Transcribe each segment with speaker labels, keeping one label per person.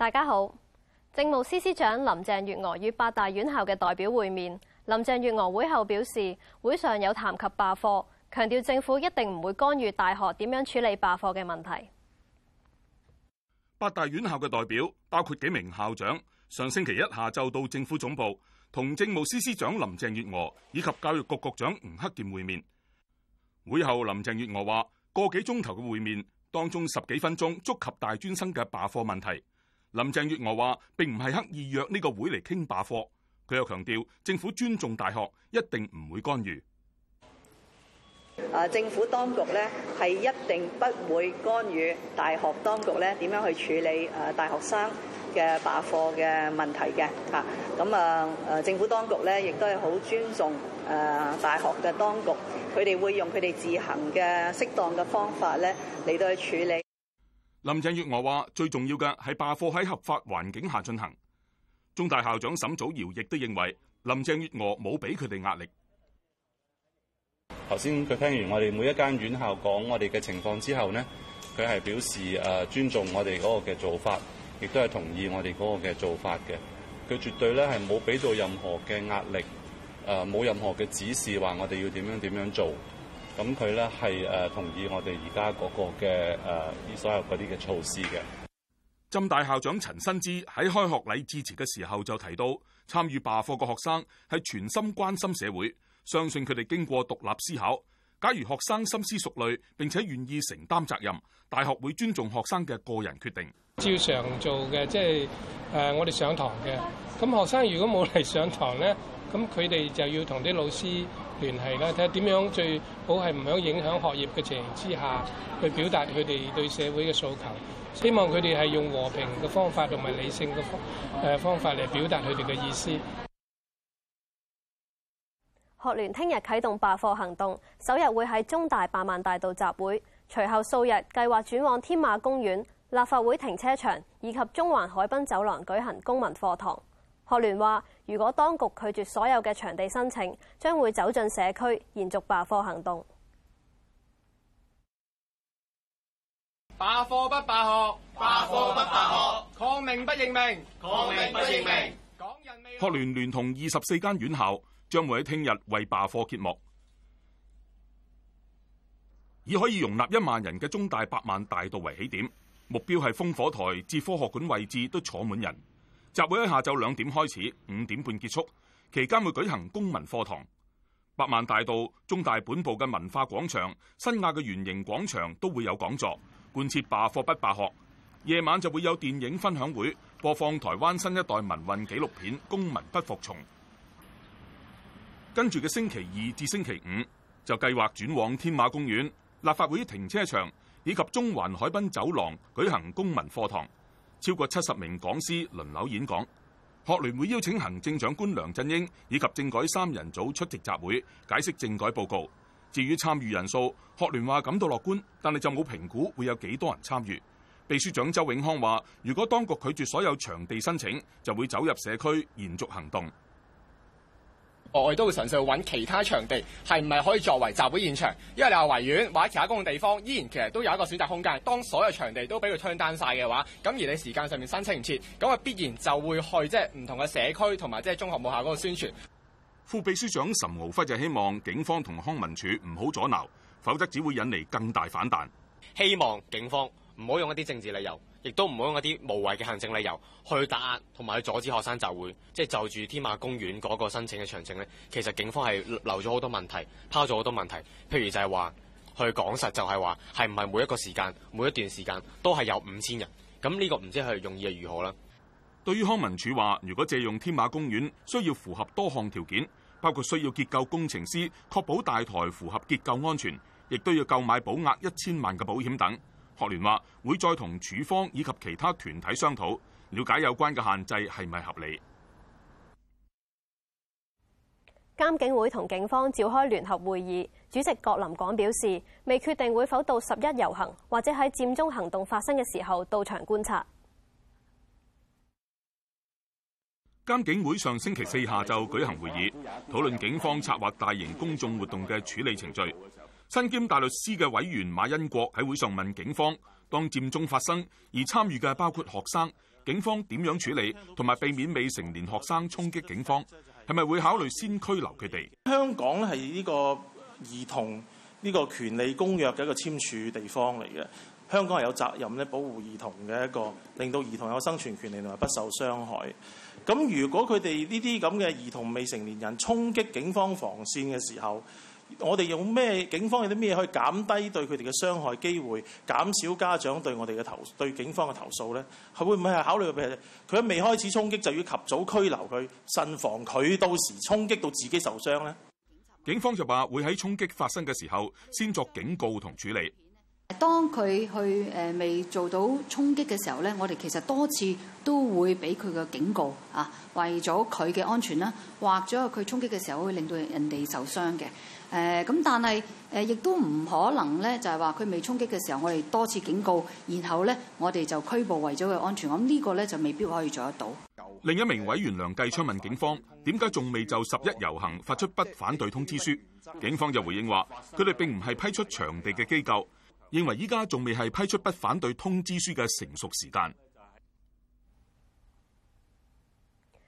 Speaker 1: 大家好，政務司司長林鄭月娥與八大院校嘅代表會面。林鄭月娥會後表示，會上有談及罷課，強調政府一定唔會干預大學點樣處理罷課嘅問題。
Speaker 2: 八大院校嘅代表包括幾名校長，上星期一下晝到政府總部同政務司司長林鄭月娥以及教育局局長吳克儉會面。會後，林鄭月娥話個幾鐘頭嘅會面當中十幾分鐘觸及大專生嘅罷課問題。林鄭月娥話，並唔係刻意約呢個會嚟傾罷課。佢又強調，政府尊重大學，一定唔會干預。
Speaker 3: 啊，政府當局咧係一定不會干預大學當局咧點樣去處理啊大學生嘅罷課嘅問題嘅吓。咁啊，誒，政府當局咧亦都係好尊重誒大學嘅當局，佢哋會用佢哋自行嘅適當嘅方法咧嚟到去處理。
Speaker 2: 林鄭月娥話：最重要嘅係罷課喺合法環境下進行。中大校長沈祖堯亦都認為林鄭月娥冇俾佢哋壓力。頭先佢聽完我哋每一間院校講我哋嘅情況之後呢，佢係表示誒尊重我哋嗰
Speaker 4: 個嘅做法，亦都係同意我哋嗰個嘅做法嘅。佢絕對咧係冇俾到任
Speaker 2: 何嘅壓力，誒冇任何嘅指示話我哋要點樣點樣做。咁佢咧係誒同意我哋而家嗰個嘅誒，所有嗰啲嘅措施嘅。浸大校長陳新之喺開學禮致辭嘅時候就提到，參與罷課嘅學生係全心關心社會，相信佢哋經過獨立思考。假如學生深思熟慮，並且願意承擔責任，大學會尊重學生嘅個人決定。
Speaker 5: 照常做嘅，即係誒、呃、我哋上堂嘅。咁學生如果冇嚟上堂咧，咁佢哋就要同啲老師聯繫啦，睇下點樣最好係唔響影響學業嘅情形，之下去表達佢哋對社會嘅訴求。希望佢哋係用和平嘅方法同埋理性嘅方誒方法嚟表達佢哋嘅意思。
Speaker 1: 學聯聽日啟動罷課行動，首日會喺中大百萬大道集會，隨後數日計劃轉往天馬公園。立法會停車場以及中環海濱走廊舉行公民課堂。學聯話：如果當局拒絕所有嘅場地申請，將會走進社區延續罷課行動。
Speaker 6: 罷課不罷學，罷課不罷學，抗命不認命，抗命不認命。港
Speaker 2: 人未。學聯聯同二十四間院校，將會喺聽日為罷課揭幕。以可以容納一萬人嘅中大百萬大道為起點。目標係烽火台至科學館位置都坐滿人。集會喺下晝兩點開始，五點半結束。期間會舉行公民課堂。百萬大道、中大本部嘅文化廣場、新亞嘅圓形廣場都會有講座，貫徹「罷課不罷學」。夜晚就會有電影分享會，播放台灣新一代民運紀錄片《公民不服從》。跟住嘅星期二至星期五，就計劃轉往天馬公園立法會停車場，以及中環海濱走廊舉行公民課堂，超過七十名講師輪流演講。學聯會邀請行政長官梁振英以及政改三人組出席集會，解釋政改報告。至於參與人數，學聯話感到樂觀，但係就冇評估會有幾多人參與。秘書長周永康話，如果當局拒絕所有場地申請，就會走入社區延續行動。我哋都會嘗試去揾其他場地，係唔係可以作為集會現場？因為
Speaker 5: 你話維園或者其他公共地方，依然其實都有一個選擇空間。當所有場地都俾佢推單曬嘅話，咁而你時間上面申請唔切，咁佢必然就會去即係唔同嘅社區同埋即係中學母校
Speaker 2: 嗰個宣傳。副秘書長岑敖暉就希望警方同康文署唔好阻撓，否則只會引嚟更大反彈。希望警方唔好用一啲政治理由。亦都唔好用一啲無謂嘅行政理由去打壓同埋去阻止學生集會。即係就住天馬公
Speaker 4: 園嗰個申請嘅詳情呢，其實警方係留咗好多問題，拋咗好多問題。譬如就係話
Speaker 2: 去講實，就係話係唔係每一個時間、每一段時間都係有五千人。咁呢個唔知佢用意係如何啦。對於康文署話，如果借用天馬公園，需要符合多項條件，包括需要結構工程師確保大台符合結構安全，亦都要購買保額一千萬嘅保險等。學聯話會再同處方以及其他團體商討，了解有關嘅限制係咪合理。
Speaker 1: 監警會同警方召開聯合會議，主席郭琳廣表示，未決定會否到十一遊行，或者喺佔中行動發生嘅時候到場觀察。
Speaker 2: 監警會上星期四下晝舉行會議，討論警方策劃大型公眾活動嘅處理程序。身兼大律師嘅委員馬恩國喺會上問警方：當佔中發生而參與嘅包括學生，警方點樣處理同埋避免未成年學生衝擊警方，係咪會考慮先拘留佢哋？香港咧係呢個兒童呢個權利公約嘅一個簽署地方嚟嘅，香港係有責任咧保護兒童嘅一個令到兒童有生存權利同埋不受傷害。咁如果佢哋呢啲咁嘅兒童未成年人衝擊警方防綫嘅時候，我哋用咩？警方有啲咩可以減低對佢哋嘅傷害機會，減少家長對我哋嘅投對警方嘅投訴咧？係會唔會係考慮譬如佢未開始衝擊就要及早拘留佢，慎防佢到時衝擊到自己受傷咧？警方就話會喺衝擊發生嘅時候先作警告同處理。
Speaker 3: 當佢去誒未、呃、做到衝擊嘅時候咧，我哋其實多次都會俾佢嘅警告啊，為咗佢嘅安全啦，或者佢衝擊嘅時候會令到人哋受傷嘅。誒、呃、咁，但係誒亦都唔可能咧，就係話佢未衝擊嘅時候，我哋多次警告，然後咧我哋就拘捕為咗佢安全，咁、這個、呢個咧就未必可以做得到。
Speaker 2: 另一名委員梁繼昌問警方點解仲未就十一遊行發出不反對通知書，警方就回應話佢哋並唔係批出場地嘅機構，認為依家仲未係批出不反對通知書嘅成熟時間。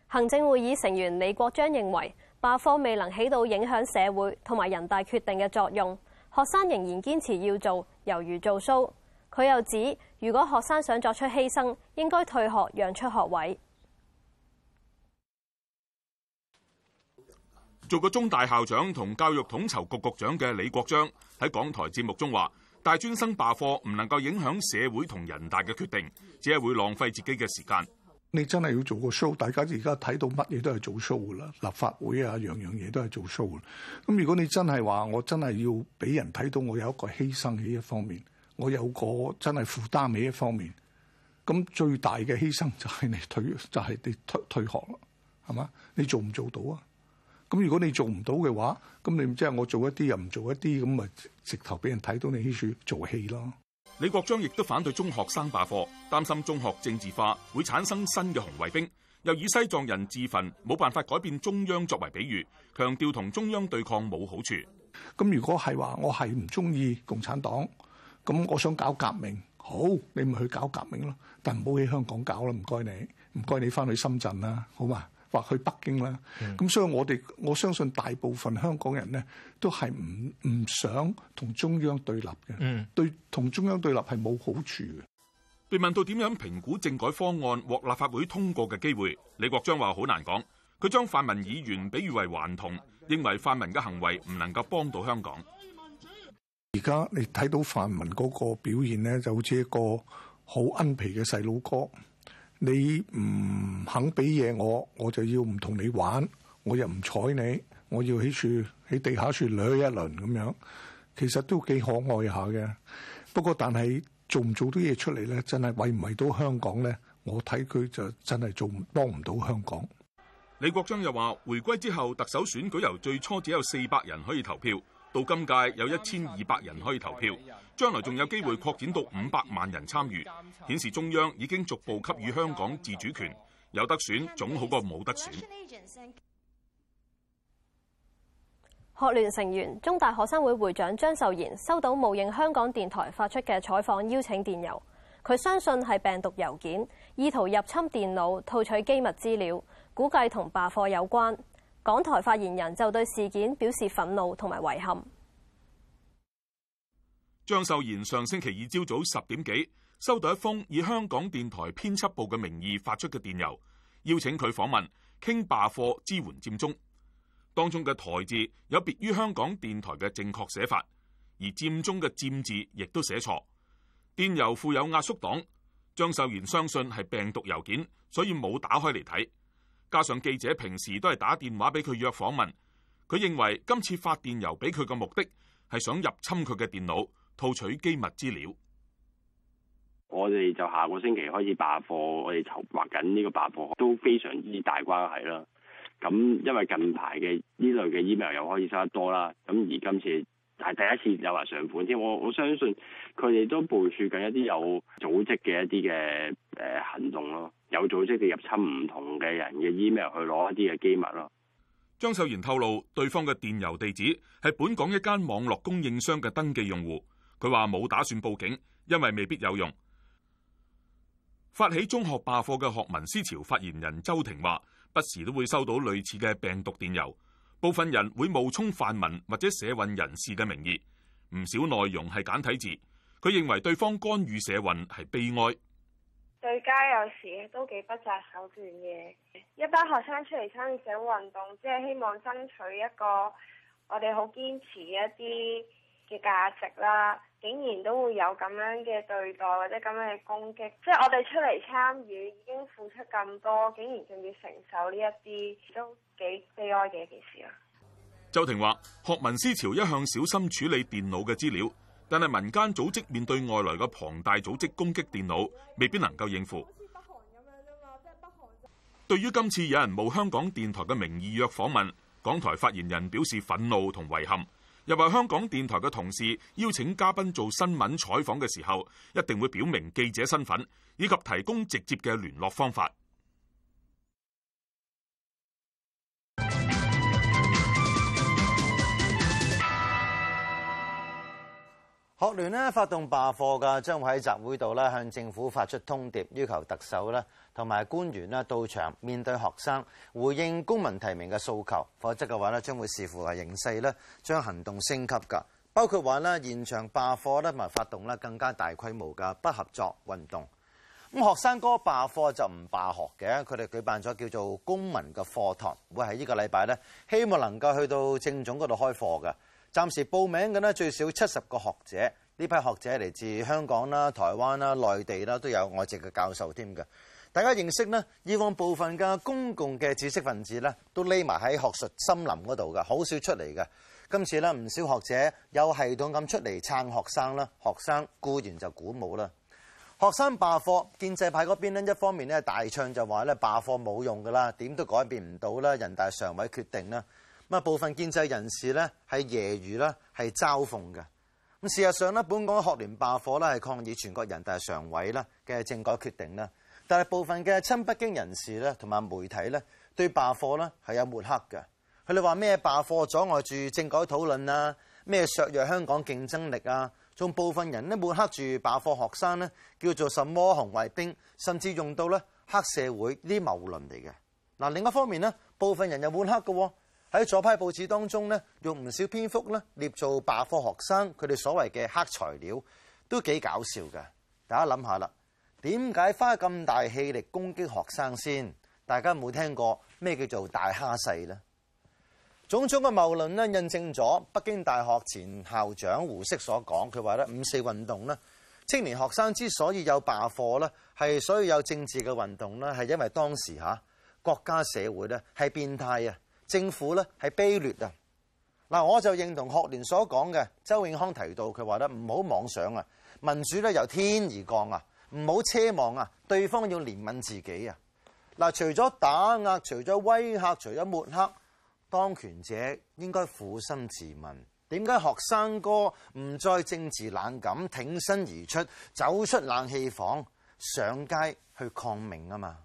Speaker 1: 行政會議成員李國章認為。罷課未能起到影響社會同埋人大決定嘅作用，學生仍然堅持要做，猶如做騷。佢又指，如果學生想作出犧牲，應該退學讓出學位。
Speaker 2: 做過中大校長同教育統籌局局長嘅李國章喺港台節目中話：大專生罷課唔能夠影響社會同人大嘅決定，只係會浪費自己嘅時間。
Speaker 5: 你真係要做個 show，大家而家睇到乜嘢都係做 show 噶啦，立法會啊，樣樣嘢都係做 show 噶。咁如果你真係話我真係要俾人睇到我有一個犧牲喺一方面，我有個真係負擔喺一方面，咁最大嘅犧牲就係你退，就係、是、你退退學咯，係嘛？你做唔做到啊？咁如果你做唔到嘅話，咁你即係、就是、我做一啲又唔做一啲，咁咪直頭俾人睇到你係做做戲咯。
Speaker 2: 李國章亦都反對中學生罷課，擔心中學政治化會產生新嘅紅衛兵，又以西藏人自焚冇辦法改變中央作為比喻，強調同中央對抗冇好處。
Speaker 5: 咁如果係話我係唔中意共產黨，咁我想搞革命，好，你咪去搞革命咯，但唔好喺香港搞啦，唔該你，唔該你返去深圳啦，好嗎？或去北京啦，咁、嗯、所以我哋我相信大部分香港人呢都係唔唔想同中央對立嘅、嗯，對同中央對立係冇好處
Speaker 2: 嘅。被問到點樣評估政改方案獲立法會通過嘅機會，李國章話好難講。佢將泛民議員比喻為頑童，認為泛民嘅行為唔能夠幫到香港。
Speaker 5: 而家你睇到泛民嗰個表現呢，就好似一個好奀皮嘅細佬哥。你唔肯俾嘢我，我就要唔同你玩，我又唔睬你，我要喺樹喺地下樹掠一輪咁樣，其實都幾可愛下嘅。不過但係做唔做啲嘢出嚟呢？真係為唔為到香港呢？我睇佢就真係做幫唔到香港。
Speaker 2: 李國章又話，回歸之後，特首選舉由最初只有四百人可以投票。到今屆有一千二百人可以投票，將來仲有機會擴展到五百萬人參與，顯示中央已經逐步給予香港自主權。有得選總好過冇得選。
Speaker 1: 學聯成員中大學生會會長張秀賢收到冒認香港電台發出嘅採訪邀請電郵，佢相信係病毒郵件，意圖入侵電腦套取機密資料，估計同罷課有關。港台發言人就對事件表示憤怒同埋遺憾。
Speaker 2: 張秀賢上星期二朝早十點幾收到一封以香港電台編輯部嘅名義發出嘅電郵，邀請佢訪問傾罷課支援佔中。當中嘅台字有別於香港電台嘅正確寫法，而占中嘅占字亦都寫錯。電郵附有壓縮檔，張秀賢相信係病毒郵件，所以冇打開嚟睇。加上記者平時都係打電話俾佢約訪問，佢認為今次發電郵俾佢嘅目的係想入侵佢嘅電腦，套取機密資料。我哋就下個星期開始罷課，我哋籌劃緊呢個罷課都非常之大關係啦。咁因
Speaker 4: 為近排嘅呢類嘅 email 又可以收得多啦，咁而今次，係第一次有埋上款添，我我相信佢哋都部署緊一啲有組織嘅一啲嘅誒行動咯，有組織嘅入侵唔同嘅人嘅 email 去攞一啲嘅機密咯。
Speaker 2: 張秀賢透露，對方嘅電郵地址係本港一間網絡供應商嘅登記用戶，佢話冇打算報警，因為未必有用。發起中學罷課嘅學民思潮發言人周庭話，不時都會收到類似嘅病毒電郵。部分人會冒充泛民或者社運人士嘅名義，唔少內容係簡體字。佢認為對方干預社運係悲哀。
Speaker 4: 對街有時都幾不擇手段嘅，一班學生出嚟參與社會運動，只係希望爭取一個我哋好堅持一啲嘅價值啦，竟然都會有咁樣嘅對待或者咁樣嘅攻擊，即係我哋出嚟參與已經付出咁多，竟然仲要承受呢一啲都幾悲哀嘅一件事
Speaker 5: 啦。
Speaker 2: 周庭話：學民思潮一向小心處理電腦嘅資料，但係民間組織面對外來嘅龐大組織攻擊電腦，未必能夠應付。對於今次有人冒香港電台嘅名義約訪問，港台發言人表示憤怒同遺憾。又話香港電台嘅同事邀請嘉賓做新聞採訪嘅時候，一定會表明記者身份，以及提供直接嘅聯絡方法。
Speaker 6: 學聯咧發動罷課噶，將會喺集會度咧向政府發出通牒，要求特首咧同埋官員咧到場面對學生回應公民提名嘅訴求，否則嘅話咧將會視乎係形勢咧將行動升級噶，包括話咧現場罷課咧同埋發動咧更加大規模嘅不合作運動。咁學生哥罷課就唔罷學嘅，佢哋舉辦咗叫做公民嘅課堂，會喺呢個禮拜咧希望能夠去到政總嗰度開課嘅。暫時報名嘅呢最少七十個學者，呢批學者嚟自香港啦、台灣啦、內地啦，都有外籍嘅教授添㗎。大家認識呢以往部分嘅公共嘅知識分子呢，都匿埋喺學術森林嗰度嘅，好少出嚟嘅。今次呢，唔少學者有系統咁出嚟撐學生啦，學生固然就鼓舞啦。學生罷課，建制派嗰邊咧，一方面呢，大唱就話咧罷課冇用㗎啦，點都改變唔到啦，人大常委決定啦。咁部分建制人士呢係業餘咧係嘲諷嘅。咁事實上呢本港學聯罷課呢係抗議全國人大常委啦嘅政改決定啦。但係部分嘅親北京人士呢，同埋媒體呢，對罷課呢係有抹黑嘅。佢哋話咩？罷課阻礙住政改討論啊！咩削弱香港競爭力啊！仲部分人呢抹黑住罷課學生呢，叫做什麼紅衛兵，甚至用到呢黑社會呢啲謬論嚟嘅嗱。另一方面呢，部分人又抹黑嘅。喺左派報紙當中呢，用唔少篇幅呢列做罷課學生，佢哋所謂嘅黑材料都幾搞笑㗎。大家諗下啦，點解花咁大氣力攻擊學生先？大家有冇聽過咩叫做大蝦細呢？種種嘅謬論咧，印證咗北京大學前校長胡適所講，佢話咧五四運動呢，青年學生之所以有罷課呢，係所以有政治嘅運動呢，係因為當時嚇國家社會呢係變態啊！政府咧係卑劣啊！嗱，我就認同學聯所講嘅，周永康提到佢話咧唔好妄想啊！民主咧由天而降啊！唔好奢望啊！對方要憐憫自己啊！嗱，除咗打壓，除咗威嚇，除咗抹黑，當權者應該捫心自問：點解學生哥唔再政治冷感，挺身而出，走出冷氣房，上街去抗命啊？嘛！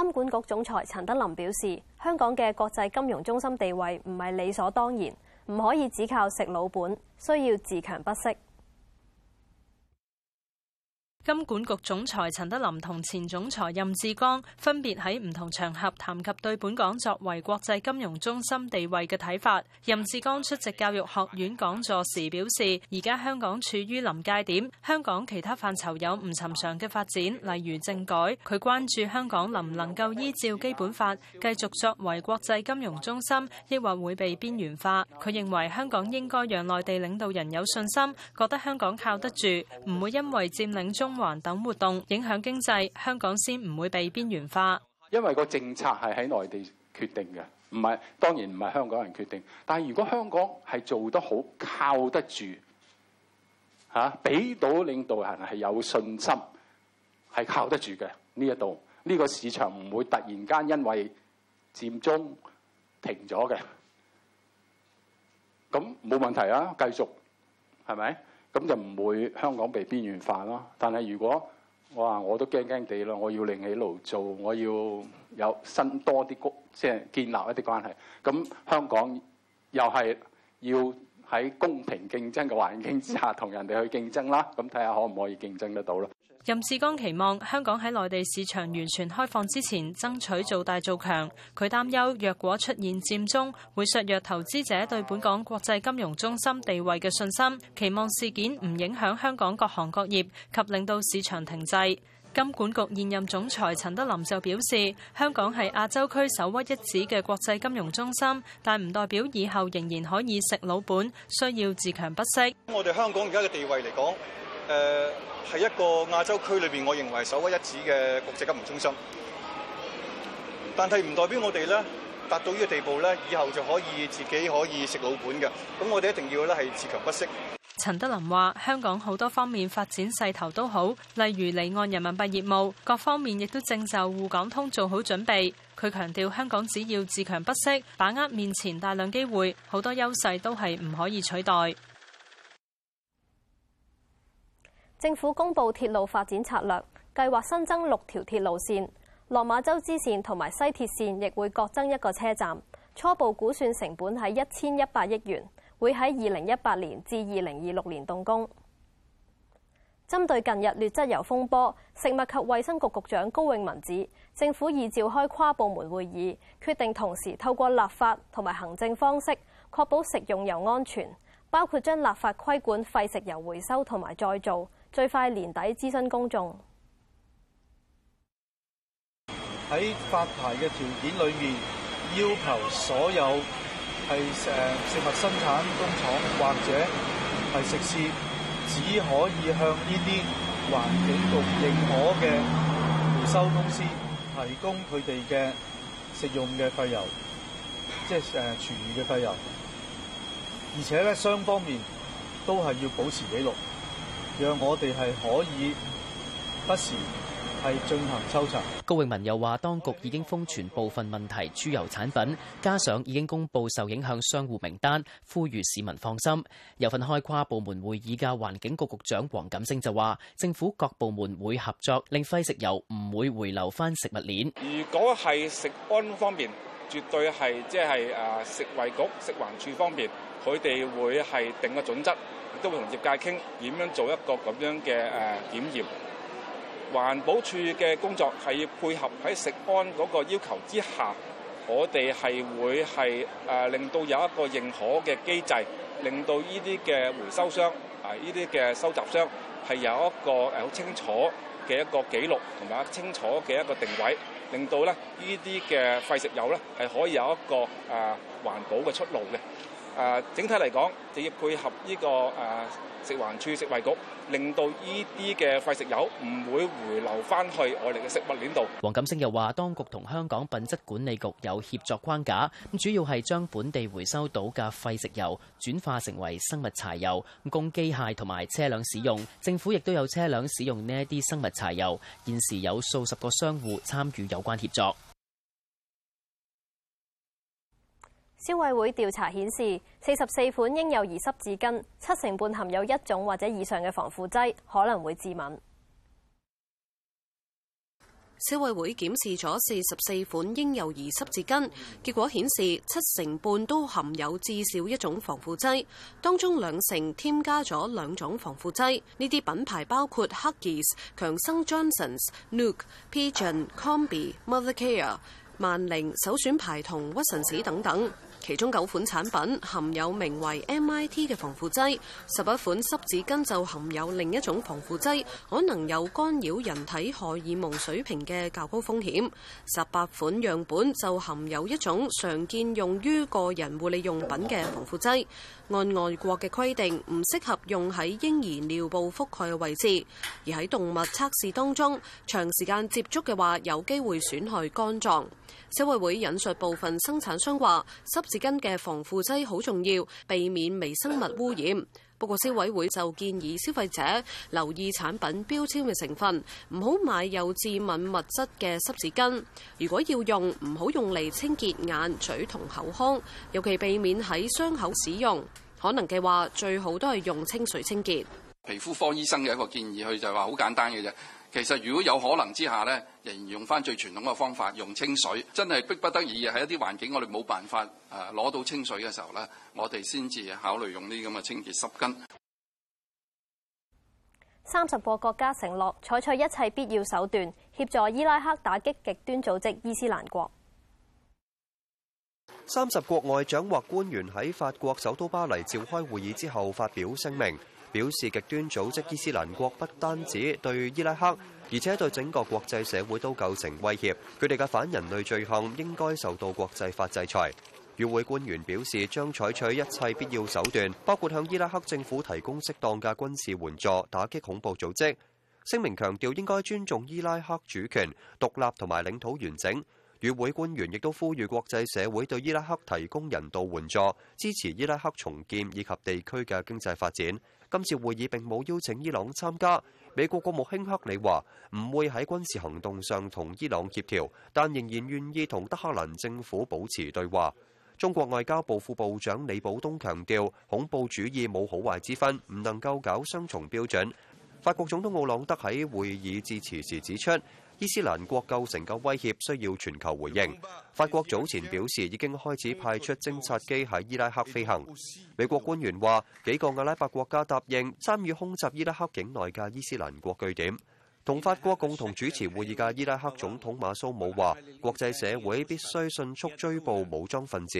Speaker 1: 金管局總裁陳德霖表示，香港嘅國際金融中心地位唔係理所當然，唔可以只靠食老本，需要自強不息。
Speaker 7: 金管局總裁陳德霖同前總裁任志剛分別喺唔同場合談及對本港作為國際金融中心地位嘅睇法。任志剛出席教育學院講座時表示，而家香港處於臨界點，香港其他範疇有唔尋常嘅發展，例如政改。佢關注香港能唔能夠依照基本法繼續作為國際金融中心，抑或會被邊緣化。佢認為香港應該讓內地領導人有信心，覺得香港靠得住，唔會因為佔領中。環等活動影響經濟，香港先唔會被邊緣化。
Speaker 5: 因為個政策係喺內地決定嘅，唔係，當然唔係香港人決定。但係如果香港係做得好，靠得住，吓、啊、俾到領導人係有信心，係靠得住嘅。呢一度，呢個市場唔會突然間因為佔中停咗嘅，咁冇問題啊，繼續，係咪？咁就唔會香港被邊緣化咯。但係如果我話，我都驚驚地咯，我要另起爐灶，我要有新多啲高，即係建立一啲關係。咁香港又係要喺公平競爭嘅環境之下，同人哋去競爭啦。咁睇下可唔可以競爭得到咯。
Speaker 7: 任志剛期望香港喺內地市場完全開放之前，爭取做大做強，佢擔憂若果出現佔中，會削弱投資者對本港國際金融中心地位嘅信心。期望事件唔影響香港各行各業及令到市場停滯，金管局現任總裁陳德霖就表示，香港係亞洲區首屈一指嘅國際金融中心，但唔代表以後仍然可以食老本，需要自強不息。
Speaker 4: 我
Speaker 5: 哋香港而家嘅地位嚟講。誒、呃、係一個亞洲區裏面我認為首屈一指嘅國際金融中心。但係唔代表我哋達到呢個地
Speaker 4: 步呢，以後就可以自己可以食老本嘅。咁我哋一定要咧，係自強不息。
Speaker 7: 陳德霖話：香港好多方面發展勢頭都好，例如離岸人民幣業務，各方面亦都正就滬港通做好準備。佢強調香港只要自強不息，把握面前大量機會，好多優勢都係唔可以取代。
Speaker 1: 政府公布鐵路發展策略，計劃新增六條鐵路綫，落馬洲支綫同埋西鐵綫亦會各增一個車站。初步估算成本喺一千一百億元，會喺二零一八年至二零二六年動工。針對近日劣質油風波，食物及衛生局局長高永文指，政府已召開跨部門會議，決定同時透過立法同埋行政方式確保食用油安全，包括將立法規管廢食油回收同埋再造。最快年底諮詢公眾。
Speaker 5: 喺發牌嘅條件裏面，要求所有係食物生產工廠或者係食肆，只可以向呢啲環境局認可嘅回收公司提供佢哋嘅食用嘅廢油，即係誒廚餘嘅廢油。而且咧，雙方面都係要保持記錄。讓我哋係可以不時係進行抽查。
Speaker 7: 高永文又話，當局已經封存部分問題豬油產品，加上已經公布受影響商戶名單，呼籲市民放心。有份開跨部門會議嘅環境局局長黃錦星就話，政府各部門會合作，令廢食油唔會回流翻食物鏈。
Speaker 2: 如果係食安方面，絕對係即係誒食衞局、食環署方面，佢哋會係定個準則。都會同業界傾點樣做一個咁樣嘅誒檢驗，環保處嘅工作係要配合喺食安嗰個要求之下，我哋係會係誒令到有一個認可嘅機制，令到呢啲嘅回收商啊，呢啲嘅收集商係有一個誒好清楚嘅一個記錄，同埋清楚嘅一個定位，令到咧呢啲嘅廢食油咧係可以有一個誒環保嘅出路嘅。誒，整體嚟講，就要配合呢個誒食環署、食衛局，令到呢啲嘅廢食油唔會回流翻去我哋嘅食物鏈度。
Speaker 7: 黃錦星又話，當局同香港品質管理局有協作框架，主要係將本地回收到嘅廢食油轉化成為生物柴油，供機械同埋車輛使用。政府亦都有車輛使用呢一啲生物柴油。現時有數十個商戶參與有關協作。
Speaker 1: 消委會調查顯示，四十四款嬰幼兒濕紙巾七成半含有一種或者以上嘅防腐劑，可能會致敏。
Speaker 3: 消委會檢視咗四十四款嬰幼兒濕紙巾，結果顯示七成半都含有至少一種防腐劑，當中兩成添加咗兩種防腐劑。呢啲品牌包括 Huggies、強生、Johnson's、Nuke、Pigeon、Combi、Mothercare、萬寧首選牌同屈臣氏等等。其中九款產品含有名為 MIT 嘅防腐劑，十一款濕紙巾就含有另一種防腐劑，可能有干擾人體荷爾蒙水平嘅較高風險。十八款樣本就含有一種常見用於個人護理用品嘅防腐劑，按外國嘅規定唔適合用喺嬰兒尿布覆蓋嘅位置，而喺動物測試當中，長時間接觸嘅話有機會損害肝臟。消委會引述部分生產商話濕濕紙巾嘅防腐劑好重要，避免微生物污染。不過消委會就建議消費者留意產品標籤嘅成分，唔好買有致敏物質嘅濕紙巾。如果要用，唔好用嚟清潔眼、嘴同口腔，尤其避免喺傷口使用。可能嘅話，最好都係用清水
Speaker 4: 清潔。皮膚科醫生嘅一個建議，佢就係話好簡單嘅啫。其實，如果有可能之下呢，仍然用翻最傳統嘅方法，用清水。真係逼不得已，喺一啲環境我哋冇辦法啊攞到清水嘅時候呢，我哋先至考慮用呢咁嘅清潔濕巾。
Speaker 1: 三十個國家承諾採取一切必要手段，協助伊拉克打擊極端組織伊斯蘭國。
Speaker 4: 三十國外長或官員喺法國首都巴黎召開會議之後發表聲明。表示極端組織伊斯蘭國不單止對伊拉克，而且對整個國際社會都構成威脅。佢哋嘅反人類罪行應該受到國際法制裁。與會官員表示，將採取一切必要手段，包括向伊拉克政府提供適當嘅軍事援助，打擊恐怖組織。聲明強調應該尊重伊拉克主權、獨立同埋領土完整。與會官員亦都呼籲國際社會對伊拉克提供人道援助，支持伊拉克重建以及地區嘅經濟發展。今次會議並冇邀請伊朗參加。美國國務卿克里話唔會喺軍事行動上同伊朗協調，但仍然願意同德克蘭政府保持對話。中國外交部副部長李保東強調，恐怖主義冇好壞之分，唔能夠搞雙重標準。法國總統奧朗德喺會議致辭時指出，伊斯蘭國構成嘅威脅需要全球回應。法國早前表示已經開始派出偵察機喺伊拉克飛行。美國官員話，幾個阿拉伯國家答應參與空襲伊拉克境內嘅伊斯蘭國據點。同法國共同主持會議嘅伊拉克總統馬蘇姆話，國際社會必須迅速追捕武裝分子。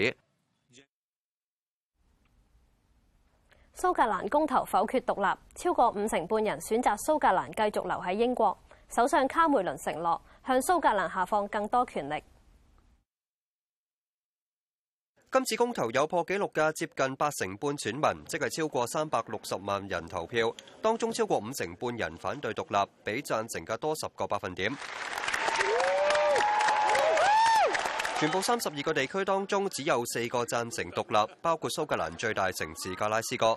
Speaker 1: 蘇格蘭公投否決獨立，超過五成半人選擇蘇格蘭繼續留喺英國。首相卡梅倫承諾向蘇格蘭下放更多權力。
Speaker 4: 今次公投有破紀錄嘅接近八成半選民，即係超過三百六十萬人投票，當中超過五成半人反對獨立，比贊成嘅多十個百分點。全部三十二個地區當中，只有四個贊成獨立，包括蘇格蘭最大城市格拉斯哥。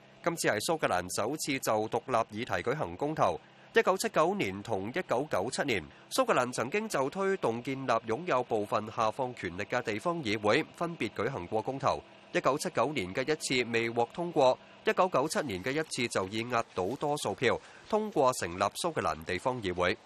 Speaker 4: 今次係蘇格蘭首次就獨立議題舉行公投。一九七九年同一九九七年，蘇格蘭曾經就推動建立擁有部分下放權力嘅地方議會，分別舉行過公投。一九七九年嘅一次未獲通過，一九九七年嘅一次就以壓倒多數票通過成立蘇格蘭地方議會。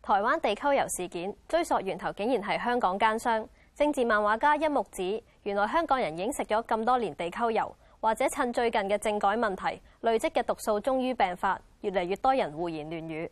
Speaker 1: 台灣地溝油事件追溯源頭，竟然係香港奸商。政治漫畫家一木子。原來香港人已經食咗咁多年地溝油，或者趁最近嘅政改問題，累積嘅毒素終於病發，越嚟越多人胡言亂語。